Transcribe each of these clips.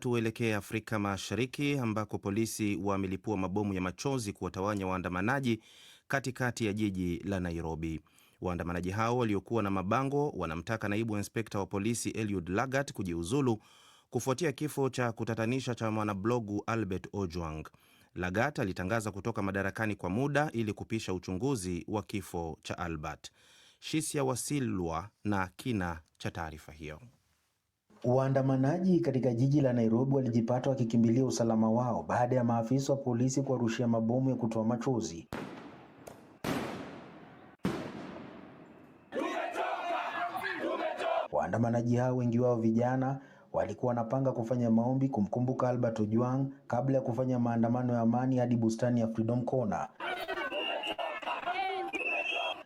Tuelekee Afrika Mashariki ambako polisi wamelipua mabomu ya machozi kuwatawanya waandamanaji katikati ya jiji la Nairobi. Waandamanaji hao waliokuwa na mabango wanamtaka naibu inspekta wa polisi Eliud Lagat kujiuzulu kufuatia kifo cha kutatanisha cha mwanablogu Albert Ojwang. Lagat alitangaza kutoka madarakani kwa muda ili kupisha uchunguzi wa kifo cha Albert. Shisia Wasilwa na kina cha taarifa hiyo. Waandamanaji katika jiji la Nairobi walijipata wakikimbilia usalama wao baada ya maafisa wa polisi kuwarushia mabomu ya kutoa machozi. Waandamanaji hao wengi wao vijana walikuwa wanapanga kufanya maombi kumkumbuka Albert Ojwang kabla ya kufanya maandamano ya amani hadi bustani ya Freedom Corner.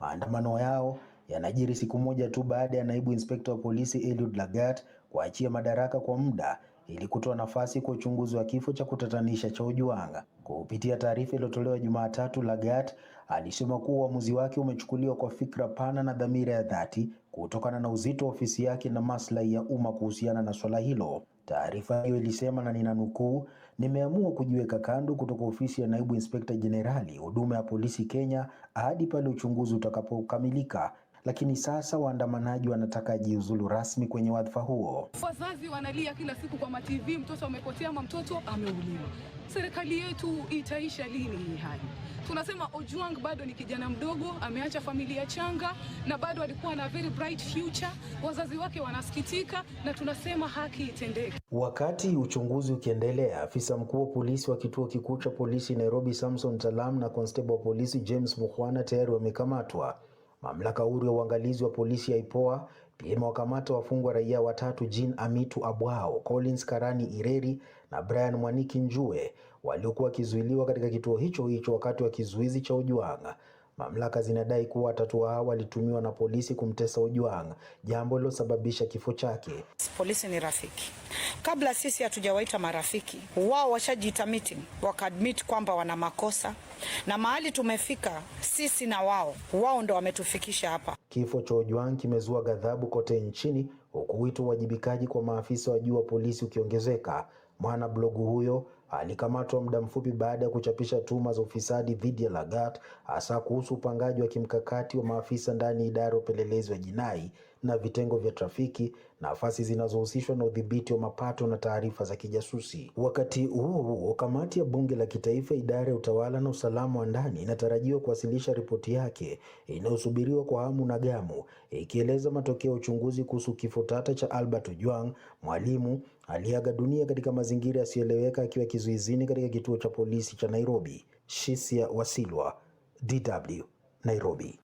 Maandamano yao yanajiri siku moja tu baada ya naibu inspekta wa polisi Eliud Lagat kuachia madaraka kwa muda ili kutoa nafasi kwa uchunguzi wa kifo cha kutatanisha cha Ojwang. Kupitia taarifa iliyotolewa Jumatatu, Lagat alisema kuwa uamuzi wake umechukuliwa kwa fikra pana na dhamira ya dhati kutokana na uzito wa ofisi yake na maslahi ya umma kuhusiana na swala hilo. Taarifa hiyo ilisema, na ninanukuu, nimeamua kujiweka kando kutoka ofisi ya naibu inspekta jenerali huduma ya polisi Kenya hadi pale uchunguzi utakapokamilika lakini sasa waandamanaji wanataka ajiuzulu rasmi kwenye wadhifa huo. Wazazi wanalia kila siku kwa matv, mtoto amepotea, ama mtoto ameuliwa. Serikali yetu itaisha lini hii hali? Tunasema Ojwang bado ni kijana mdogo, ameacha familia changa na bado alikuwa na very bright future. Wazazi wake wanasikitika na tunasema haki itendeke. Wakati uchunguzi ukiendelea, afisa mkuu wa polisi wa kituo kikuu cha polisi Nairobi Samson Talam na constable wa polisi James Mukhwana tayari wamekamatwa. Mamlaka huru ya uangalizi wa polisi ya IPOA pia imewakamata wafungwa raia watatu Jean Amitu Abwao, Collins Karani Ireri na Brian Mwaniki Njue waliokuwa wakizuiliwa katika kituo hicho hicho wakati wa kizuizi cha Ojwanga Mamlaka zinadai kuwa watatu hao walitumiwa na polisi kumtesa Ojwang, jambo lilosababisha kifo chake. Polisi ni rafiki, kabla sisi hatujawaita marafiki wao washajiita meeting, wakaadmit kwamba wana makosa na mahali tumefika sisi na wao, wao ndo wametufikisha hapa. Kifo cha Ojwang kimezua ghadhabu kote nchini huku wito uwajibikaji kwa maafisa wa juu wa polisi ukiongezeka. Mwana blogu huyo alikamatwa muda mfupi baada ya kuchapisha tuhuma za ufisadi dhidi ya Lagat, hasa kuhusu upangaji wa kimkakati wa maafisa ndani ya idara ya upelelezi wa jinai na vitengo vya trafiki, nafasi zinazohusishwa na udhibiti wa mapato na taarifa za kijasusi. Wakati huo huo, kamati ya bunge la kitaifa, idara ya utawala na usalama wa ndani inatarajiwa kuwasilisha ripoti yake inayosubiriwa kwa hamu na gamu, ikieleza matokeo ya uchunguzi kuhusu kifo tata cha Albert Ojwang, mwalimu aliaga dunia katika mazingira yasiyoeleweka akiwa kizuizini katika kituo cha polisi cha Nairobi. Shisia Wasilwa, DW, Nairobi.